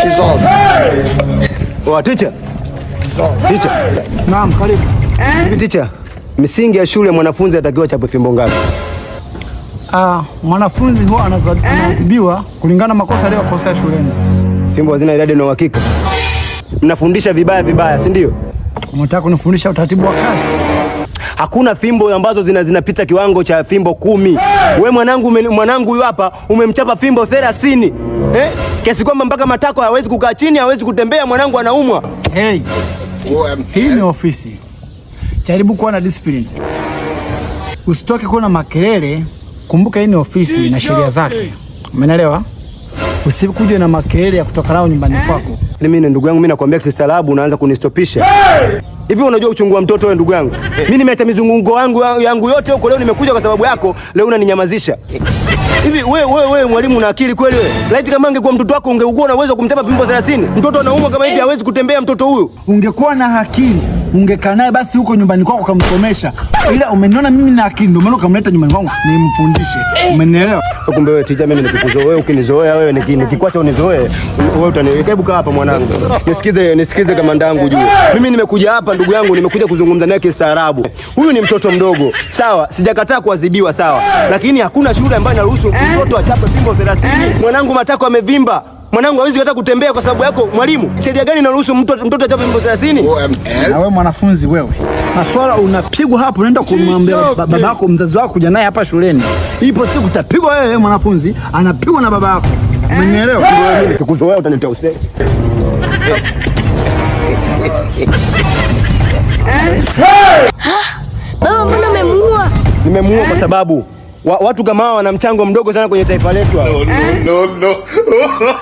Oh, Naam, karibu. Eh? Hivi Teacher. misingi ya shule mwanafunzi atakiwa chapu fimbo ngapi? Ah, mwanafunzi huwa anaadhibiwa eh? kulingana makosa aliyokosea shuleni. Fimbo hazina idadi na uhakika. Mnafundisha vibaya vibaya, si ndio? Unataka kunifundisha utaratibu wa kazi? Hakuna fimbo ambazo zina zinapita kiwango cha fimbo kumi. Hey! We mwanangu, mwanangu huyu hapa umemchapa fimbo 30 eh? Kiasi kwamba mpaka matako hawezi kukaa chini, hawezi kutembea, mwanangu anaumwa. Hey. Hii ni ofisi, jaribu kuwa na discipline, usitoke kuwa na makelele. Kumbuka hii ni ofisi na sheria zake, umeelewa? Usikuje na makelele ya kutoka nao nyumbani eh? kwako. Yaani mimi ndugu yangu, mimi nakwambia kistaarabu, unaanza kunistopisha. Hey! Hivi unajua uchungu wa mtoto wewe ndugu yangu? Eh. Mimi nimeacha mizungungo yangu yangu yote huko leo nimekuja kwa sababu yako, leo unaninyamazisha. Hivi wewe wewe wewe mwalimu una akili kweli wewe? Laiti kama angekuwa mtoto wako ungeugua na uwezo kumtepa pimbo 30. Mtoto anaumwa kama hivi eh. hawezi kutembea mtoto huyu. Ungekuwa na akili, ungekaa naye basi huko nyumbani kwako ukamsomesha. Ila umeniona mimi na akili ndio maana ukamleta nyumbani kwangu nimfundishe. Eh. Umenielewa? Kumbe wewe tija mimi nikikuzoea wewe ukinizoea wewe kikwacha unizoee wewe utaniweka. Hebu kaa hapa mwanangu. Nisikize nisikize kamanda yangu juu. Mimi nimekuja hapa ndugu yangu, nimekuja kuzungumza naye kistaarabu. Huyu ni mtoto mdogo, sawa, sijakataa kuadhibiwa, sawa, lakini hakuna shule ambayo inaruhusu mtoto achape fimbo 30. Mwanangu matako amevimba Mwanangu hawezi hata kutembea kwa sababu yako mwalimu. Sheria gani inaruhusu mtoto achape fimbo 30? Na wewe mwanafunzi wewe, maswala unapigwa hapo, unaenda kumwambia babako mzazi wako kuja naye hapa shuleni. Ipo siku utapigwa wewe, mwanafunzi anapigwa na babako. Umenielewa? Kikuzoea utanitia usemi. Baba, mbona umemuua? Nimemuua kwa sababu watu kama hao wana mchango mdogo sana kwenye taifa letu. No, no, no, no.